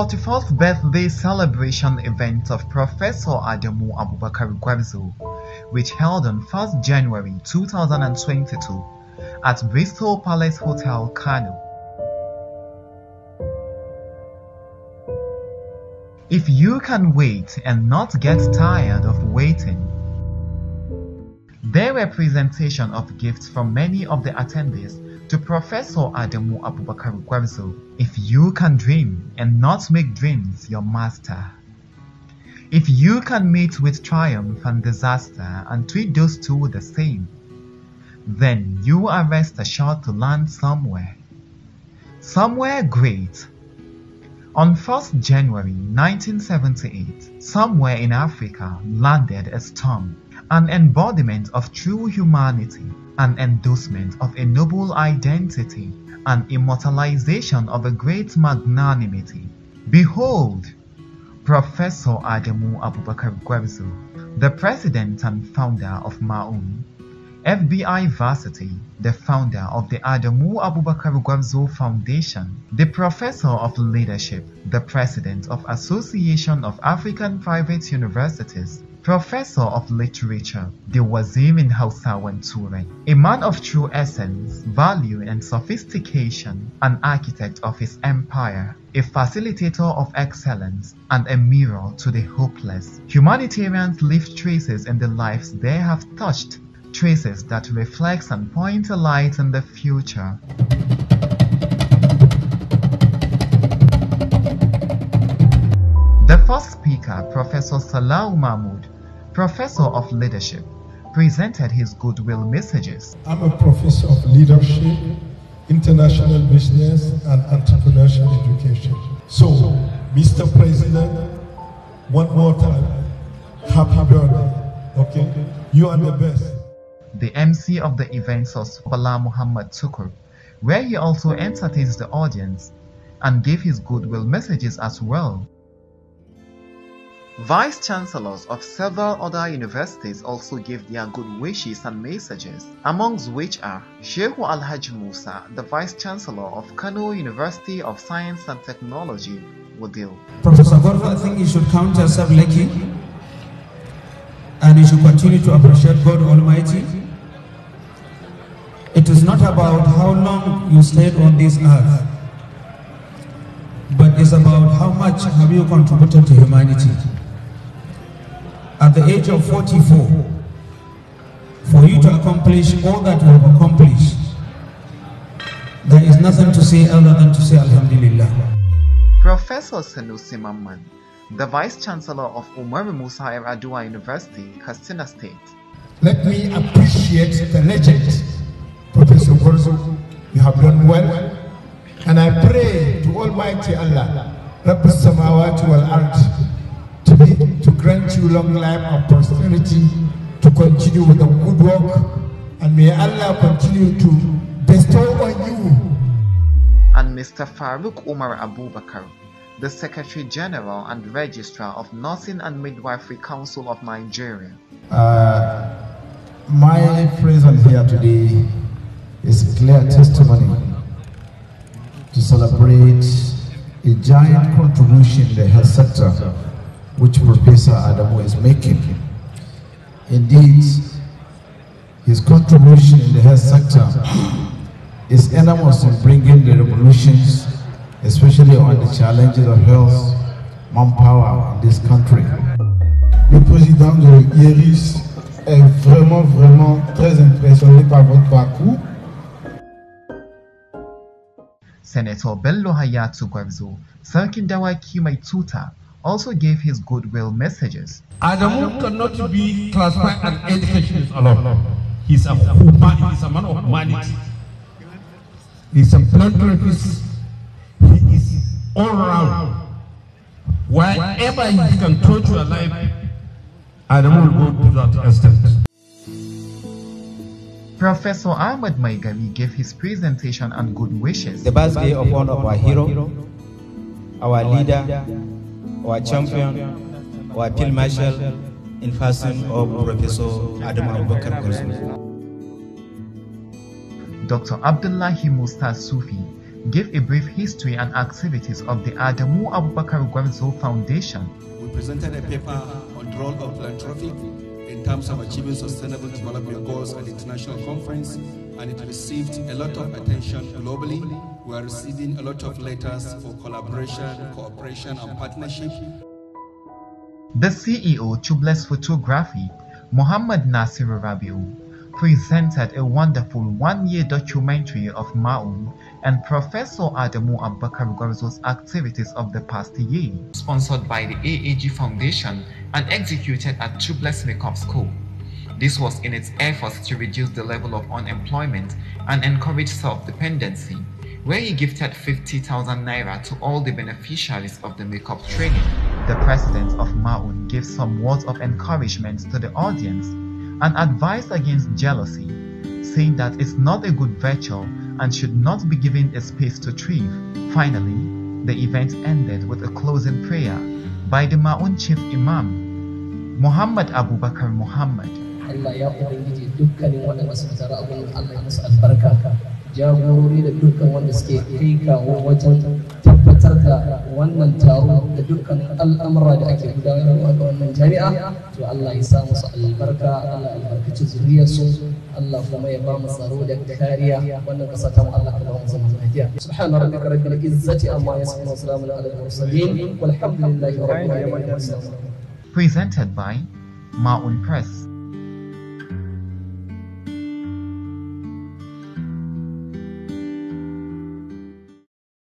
44th birthday celebration event of Professor Adamu Abubakar Gwabzo, which held on 1st January 2022 at Bristol Palace Hotel, Kano. If you can wait and not get tired of waiting, their representation of gifts from many of the attendees to Professor Adamu Abubakar Gwabzo, if you can dream and not make dreams your master, if you can meet with triumph and disaster and treat those two the same, then you are rest assured to land somewhere. Somewhere great. On 1st January 1978, somewhere in Africa landed a storm, an embodiment of true humanity an endorsement of a noble identity, an immortalization of a great magnanimity. Behold, Professor Adamu Abubakar Gwarzo, the president and founder of Ma'un, FBI Varsity, the founder of the Adamu Abubakar Gwarzo Foundation, the professor of leadership, the president of Association of African Private Universities, Professor of literature, the Wazim in Hausawan Turai, a man of true essence, value and sophistication, an architect of his empire, a facilitator of excellence, and a mirror to the hopeless. Humanitarians leave traces in the lives they have touched, traces that reflect and point a light in the future. first speaker, Professor Salau Mahmoud, Professor of Leadership, presented his goodwill messages. I'm a professor of leadership, international business, and entrepreneurship education. So, Mr. President, one more time, happy birthday. Okay? You are the best. The MC of the event was Bala Muhammad Tukur, where he also entertains the audience and gave his goodwill messages as well. Vice-chancellors of several other universities also gave their good wishes and messages, amongst which are Sheikh Alhaj Musa, the Vice-Chancellor of Kano University of Science and Technology, Wadil. Professor Gorfa, I think you should count yourself lucky and you should continue to appreciate God Almighty. It is not about how long you stayed on this earth, but it's about how much have you contributed to humanity at the age of 44 for you to accomplish all that you have accomplished, there is nothing to say other than to say Alhamdulillah. Professor Sanusi Mamman, the Vice Chancellor of Umar Musa Adua University, Kastina State. Let me appreciate the legend, Professor Borzo. You have done well. And I pray to Almighty Allah, Rabbi Samawati wal Ard, to, be, to grant you long life and prosperity, to continue with the good work, and may Allah continue to bestow on you. And Mr. Farouk Umar Abubakar, the Secretary General and Registrar of Nursing and Midwifery Council of Nigeria. Uh, my presence here today is clear testimony to celebrate a giant contribution in the health sector which Professor Adamu is making. Indeed, his contribution in the health sector is enormous in bringing the revolutions, especially on the challenges of health, manpower in this country. Le président de IERIS est vraiment, vraiment très impressionné par votre parcours. Senator Bello Hayatu Gwanzo, sarkin dawaki mai tuta also gave his goodwill messages. Adamu cannot be classified as an educationist alone. He's a human, he's a man of humanity. He's a philanthropist. He is all around. Wherever he can touch your life, Adamu will go to that extent. Professor Ahmed Maigali gave his presentation and good wishes. The birthday of one of our hero, our leader, our champion, our field marshal, in person of Professor Adam Abubakar Gursu. Dr. Abdullahi Musta Sufi gave a brief history and activities of the Adamu Abubakar Gwarzo Foundation. We presented a paper on the role of philanthropy in terms of achieving sustainable development goals at the international conference, and it received a lot of attention globally. We are receiving a lot of letters for collaboration, cooperation, and partnership. The CEO, Tubeless Photography, Mohammed Nasir Rabiu, presented a wonderful one-year documentary of Maun and Professor Adamu Abubakar Gorzo's activities of the past year. Sponsored by the AAG Foundation and executed at Tubeless Makeup School. This was in its efforts to reduce the level of unemployment and encourage self-dependency, where he gifted 50,000 naira to all the beneficiaries of the makeup training. The president of Maun gave some words of encouragement to the audience and advised against jealousy, saying that it's not a good virtue and should not be given a space to thrive. Finally, the event ended with a closing prayer by the Ma'un chief Imam, Muhammad Abu Bakr Muhammad. Allah ya da wannan taro da dukkan al'amura da ake gudanarwa ga wannan jami'a to Allah ya sa musu albarka Allah albarkaci zuriyarsu Allah kuma ya ba mu tsaro da kariya wannan kasa ta mu Allah ka ba mu zama lafiya subhana rabbika rabbil izzati amma yasifun salamun alal mursalin walhamdulillahi rabbil alamin presented by Maun Press